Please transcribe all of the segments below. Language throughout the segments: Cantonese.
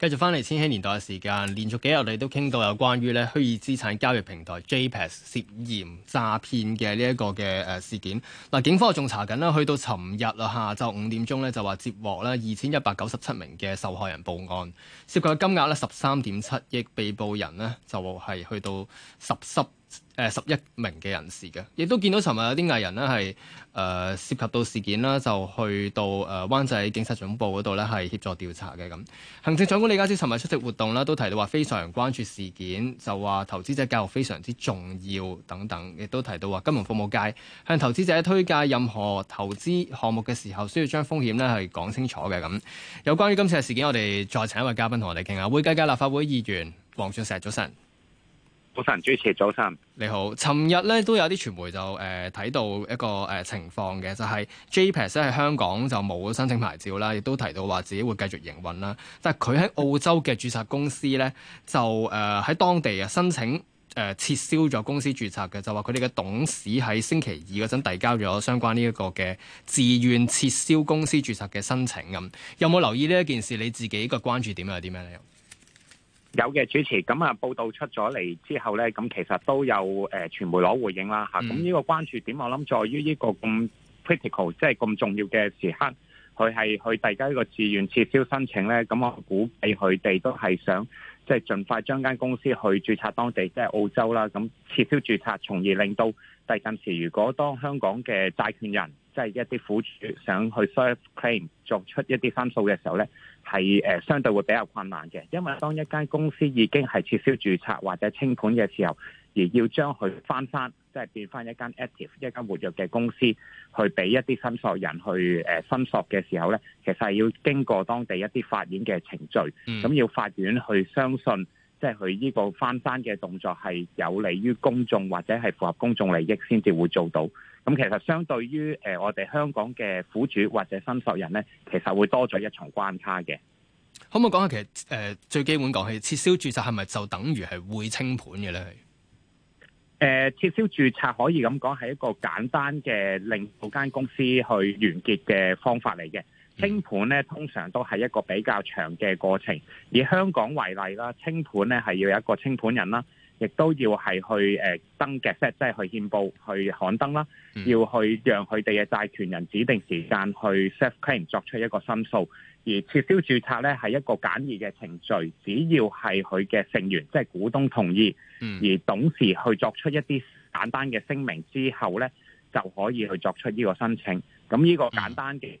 繼續翻嚟千禧年代嘅時間，連續幾日我哋都傾到有關於咧虛擬資產交易平台 JPEX 涉嫌詐騙嘅呢一個嘅誒事件。嗱，警方仲查緊啦，去到尋日啊下晝五點鐘咧就話接獲咧二千一百九十七名嘅受害人報案，涉及嘅金額咧十三點七億，被捕人咧就係去到十濕。誒十一名嘅人士嘅，亦都見到尋日有啲藝人咧係誒涉及到事件啦，就去到誒、呃、灣仔警察總部嗰度咧係協助調查嘅咁。行政長官李家超尋日出席活動啦，都提到話非常關注事件，就話投資者教育非常之重要等等，亦都提到話金融服務界向投資者推介任何投資項目嘅時候，需要將風險呢係講清楚嘅咁。有關於今次嘅事件，我哋再請一位嘉賓同我哋傾下，會計界立法會議員黃俊碩早晨。早晨，主持早晨。你好，尋日咧都有啲傳媒就誒睇、呃、到一個誒、呃、情況嘅，就係、是、JPEX 喺香港就冇申請牌照啦，亦都提到話自己會繼續營運啦。但係佢喺澳洲嘅註冊公司咧，就誒喺、呃、當地啊申請誒、呃、撤銷咗公司註冊嘅，就話佢哋嘅董事喺星期二嗰陣遞交咗相關呢一個嘅自願撤銷公司註冊嘅申請咁、嗯。有冇留意呢一件事？你自己個關注點係啲咩理有嘅，主持咁啊！報道出咗嚟之後咧，咁其實都有誒傳、呃、媒攞回應啦吓，咁呢、mm. 個關注點我諗在於呢個咁 critical，即係咁重要嘅時刻，佢係去遞交一個自願撤銷申請咧。咁我估計佢哋都係想即係盡快將間公司去註冊當地，即係澳洲啦。咁撤銷註冊，從而令到第陣時如果當香港嘅債權人。即係一啲苦主想去 serve claim 作出一啲申訴嘅時候呢，係誒相對會比較困難嘅，因為當一間公司已經係撤銷註冊或者清盤嘅時候，而要將佢翻翻即係變翻一間 active 一間活躍嘅公司，去俾一啲申索人去誒申索嘅時候呢，其實係要經過當地一啲法院嘅程序，咁要法院去相信。即係佢呢個翻山嘅動作係有利於公眾或者係符合公眾利益，先至會做到。咁其實相對於誒、呃、我哋香港嘅苦主或者申訴人咧，其實會多咗一重關卡嘅。可唔可以講下其實誒、呃、最基本講係撤銷註冊係咪就等於係會清盤嘅咧？誒、呃，撤銷註冊可以咁講係一個簡單嘅令嗰間公司去完結嘅方法嚟嘅。清盤咧通常都係一個比較長嘅過程，以香港為例啦，清盤咧係要有一個清盤人啦，亦都要係去誒、呃、登記即係去憲報、去刊登啦，要去讓佢哋嘅債權人指定時間、嗯、去 set claim 作出一個申訴，而撤銷註冊咧係一個簡易嘅程序，只要係佢嘅成員即係股東同意，嗯、而董事去作出一啲簡單嘅聲明之後咧，就可以去作出呢個申請。咁、這、呢個簡單嘅誒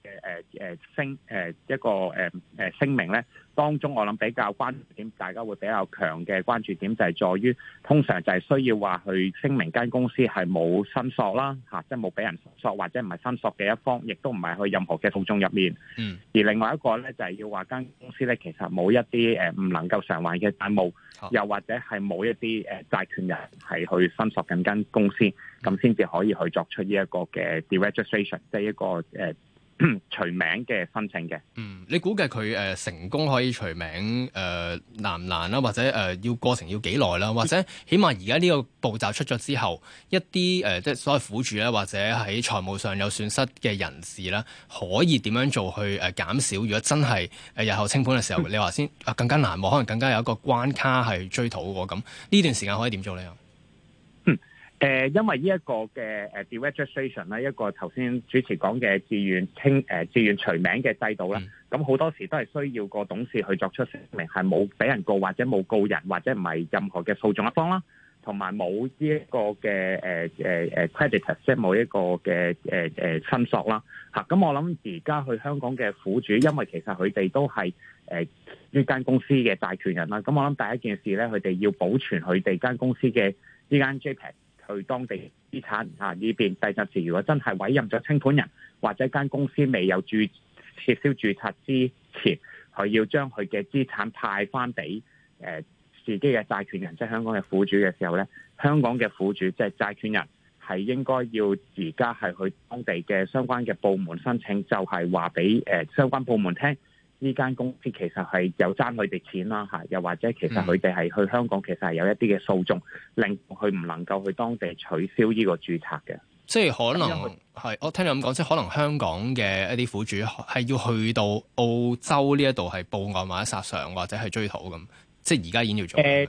誒誒聲誒一個誒誒聲明咧，當中我諗比較關注點，大家會比較強嘅關注點就係在於，通常就係需要話去聲明間公司係冇申索啦，嚇，即係冇俾人申索或者唔係申索嘅一方，亦都唔係去任何嘅訴訟入面。嗯。而另外一個咧，就係要話間公司咧，其實冇一啲誒唔能夠償還嘅債務。又或者係冇一啲誒債權人係去申索緊間公司，咁先至可以去作出呢一個嘅 deregistration，即係一個誒。Uh, 除 名嘅申請嘅，嗯，你估計佢誒成功可以除名誒、呃、難唔難啦？或者誒、呃、要過程要幾耐啦？或者起碼而家呢個步驟出咗之後，一啲誒即係所謂苦主咧，或者喺財務上有損失嘅人士咧，可以點樣做去誒減少？如果真係誒日後清盤嘅時候， 你話先啊、呃、更加難，可能更加有一個關卡係追討，咁呢段時間可以點做呢？誒，因為呢一個嘅誒，de-registration 咧一個頭先主持講嘅自願清誒，自願除名嘅制度咧，咁好、mm. 多時都係需要個董事去作出聲明，係冇俾人告或者冇告人，或者唔係任何嘅訴訟一方啦，同埋冇呢一個嘅誒誒誒 creditors，即係冇一個嘅誒誒申索啦。嚇、啊，咁我諗而家去香港嘅苦主，因為其實佢哋都係誒呢間公司嘅債權人啦。咁我諗第一件事咧，佢哋要保存佢哋間公司嘅呢間 JPEX 去當地資產，嚇、啊、呢邊第陣時，如果真係委任咗清盤人或者間公司未有註撤銷註冊之前，佢要將佢嘅資產派翻俾誒自己嘅債權人，即係香港嘅苦主嘅時候呢，香港嘅苦主即係、就是、債權人係應該要而家係去當地嘅相關嘅部門申請，就係話俾誒相關部門聽。呢間公司其實係有爭佢哋錢啦嚇，又或者其實佢哋係去香港，其實係有一啲嘅訴訟，嗯、令佢唔能夠去當地取消呢個註冊嘅。即係可能係我聽你咁講，即係可能香港嘅一啲苦主係要去到澳洲呢一度係報案或者索償或者係追討咁。即係而家已經要做啦。誒誒、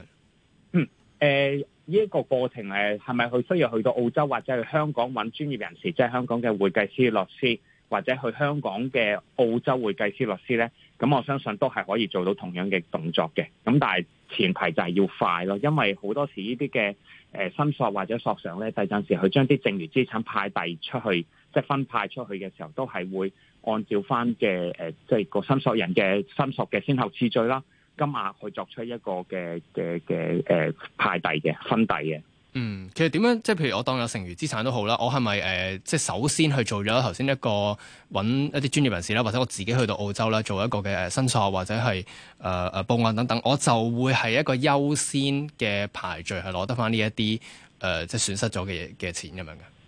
呃，呢、呃、一、這個過程係係咪佢需要去到澳洲或者去香港揾專業人士，即係香港嘅會計師、律師？或者去香港嘅澳洲會計師、律師呢，咁我相信都係可以做到同樣嘅動作嘅。咁但係前提就係要快咯，因為好多時呢啲嘅誒申索或者索償呢，第陣時佢將啲剩餘資產派遞出去，即係分派出去嘅時候，都係會按照翻嘅誒，即係個申索人嘅申索嘅先後次序啦，金額去作出一個嘅嘅嘅誒派遞嘅分遞嘅。嗯，其實點樣即係譬如我當有剩餘資產都好啦，我係咪誒即係首先去做咗頭先一個揾一啲專業人士啦，或者我自己去到澳洲啦，做一個嘅誒申索或者係誒誒報案等等，我就會係一個優先嘅排序係攞得翻呢一啲誒即係損失咗嘅嘢嘅錢咁樣嘅。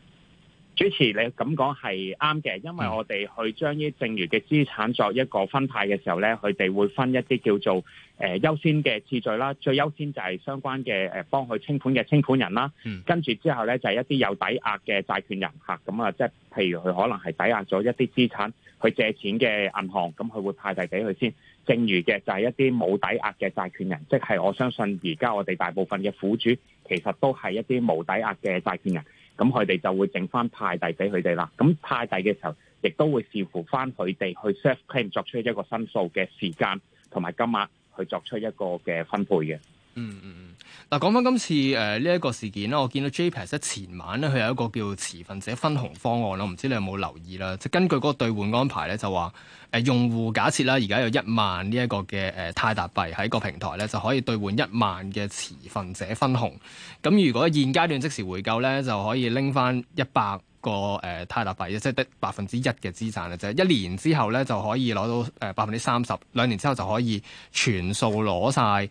主持你咁講係啱嘅，因為我哋去將啲剩餘嘅資產作一個分派嘅時候呢，佢哋會分一啲叫做誒、呃、優先嘅次序啦。最優先就係相關嘅誒、呃、幫佢清盤嘅清盤人啦。嗯、跟住之後呢，就係、是、一啲有抵押嘅債權人嚇。咁、呃、啊，即係譬如佢可能係抵押咗一啲資產去借錢嘅銀行，咁佢會派第一畀佢先。剩餘嘅就係一啲冇抵押嘅債權人，即係我相信而家我哋大部分嘅苦主其實都係一啲冇抵押嘅債權人。咁佢哋就會整翻派遞俾佢哋啦。咁派遞嘅時候，亦都會視乎翻佢哋去 self claim 作出一個申訴嘅時間同埋金額去作出一個嘅分配嘅。嗯嗯。嗱，講翻今次誒呢一個事件啦，我見到 JPEX 咧前晚咧佢有一個叫持份者分紅方案啦，唔知你有冇留意啦？即根據嗰個兌換安排咧，就話誒、呃、用戶假設啦，而家有萬、呃、一萬呢一個嘅誒泰達幣喺個平台咧，就可以兌換一萬嘅持份者分紅。咁如果現階段即時回購咧，就可以拎翻一百，個誒、呃、泰達幣，即係得百分之一嘅資產就啫。一年之後咧，就可以攞到誒百分之三十；兩年之後就可以全數攞晒誒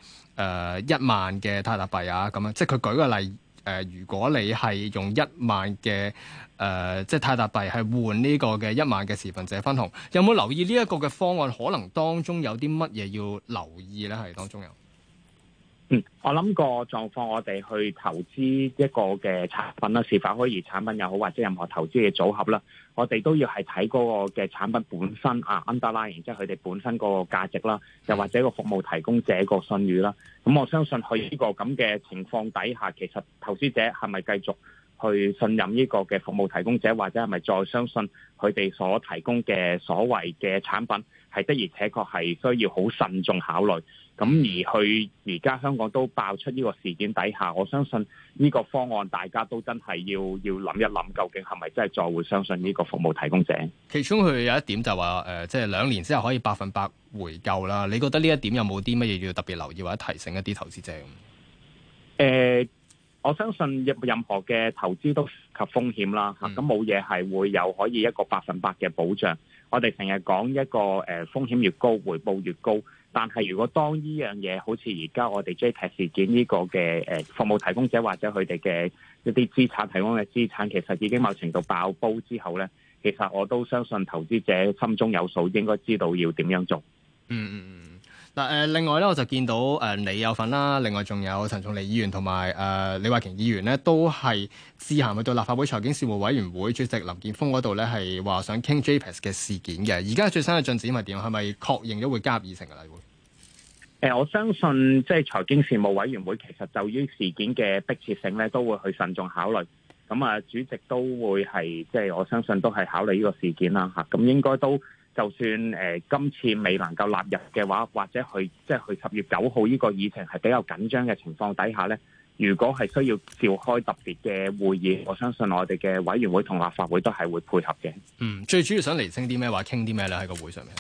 一萬嘅泰達幣啊。咁樣即係佢舉個例誒、呃，如果你係用一萬嘅誒、呃，即係泰達幣係換呢個嘅一萬嘅持分者分紅，有冇留意呢一個嘅方案？可能當中有啲乜嘢要留意咧？係當中有。嗯，我諗個狀況，我哋去投資一個嘅產品啦，是否可以，以產品又好，或者任何投資嘅組合啦，我哋都要係睇嗰個嘅產品本身啊 underline 啦，然之後佢哋本身個價值啦，又或者個服務提供者個信譽啦。咁我相信去呢個咁嘅情況底下，其實投資者係咪繼續去信任呢個嘅服務提供者，或者係咪再相信佢哋所提供嘅所謂嘅產品，係的而且確係需要好慎重考慮。咁而去而家香港都爆出呢個事件底下，我相信呢個方案大家都真係要要諗一諗，究竟係咪真係再會相信呢個服務提供者？其中佢有一點就話誒、呃、即係兩年之後可以百分百回購啦。你覺得呢一點有冇啲乜嘢要特別留意或者提醒一啲投資者？誒、呃、我相信任何嘅投資都涉及風險啦。嚇、嗯，咁冇嘢係會有可以一個百分百嘅保障。我哋成日講一個誒風險越高，回報越高。但係，如果當呢樣嘢好似而家我哋 JPEX 事件呢個嘅誒服務提供者或者佢哋嘅一啲資產提供嘅資產，資產其實已經某程度爆煲之後呢，其實我都相信投資者心中有數，應該知道要點樣做。嗯嗯嗯。嗱誒，另外咧，我就見到誒、呃、你有份啦，另外仲有陳仲利議員同埋誒李慧瓊議員咧，都係自行去到立法會財經事務委員會主席林健鋒嗰度咧，係話想傾 JPEX 嘅事件嘅。而家最新嘅進展係點？係咪確認咗會加入議程嘅例會？誒、呃，我相信即係、就是、財經事務委員會其實就於事件嘅迫切性咧，都會去慎重考慮。咁啊，主席都會係即係我相信都係考慮呢個事件啦。嚇，咁應該都。就算誒、呃、今次未能夠納入嘅話，或者去即係去十月九號呢個議程係比較緊張嘅情況底下呢，如果係需要召開特別嘅會議，我相信我哋嘅委員會同立法會都係會配合嘅。嗯，最主要想釐清啲咩話，傾啲咩咧喺個會上面？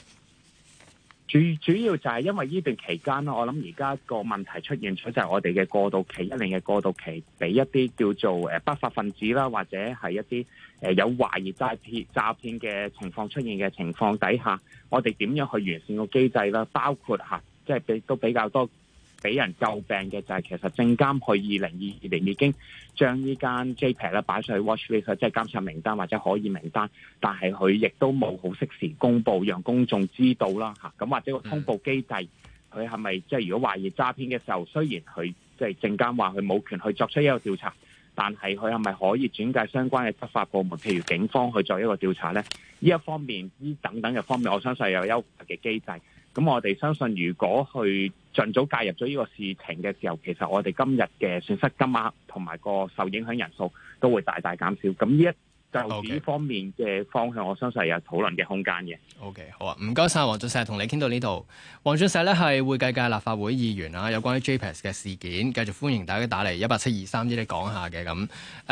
最主要就係因為呢段期間咯，我諗而家個問題出現咗，就係我哋嘅過渡期一年嘅過渡期，俾一啲叫做誒不法分子啦，或者係一啲誒有懷疑詐騙詐騙嘅情況出現嘅情況底下，我哋點樣去完善個機制啦，包括吓，即係，啊，比都比較多。俾人詬病嘅就係，其實證監去二零二二年已經將呢間 JPEX 咧擺上去 watch list，即係監察名單或者可疑名單，但係佢亦都冇好適時公布，讓公眾知道啦吓。咁或者個通報機制，佢係咪即係如果懷疑詐騙嘅時候，雖然佢即係證監話佢冇權去作出一個調查，但係佢係咪可以轉介相關嘅執法部門，譬如警方去做一個調查咧？呢一方面，呢等等嘅方面，我相信有優化嘅機制。咁我哋相信，如果去盡早介入咗呢個事情嘅時候，其實我哋今日嘅損失金額同埋個受影響人數都會大大減少。咁呢一就止方面嘅方向，我相信係有討論嘅空間嘅。OK，好啊，唔該晒，黃俊碩，同你傾到呢度。黃俊碩咧係會計界立法會議員啊，有關於 JPEX 嘅事件，繼續歡迎大家打嚟一八七二三一，講下嘅咁。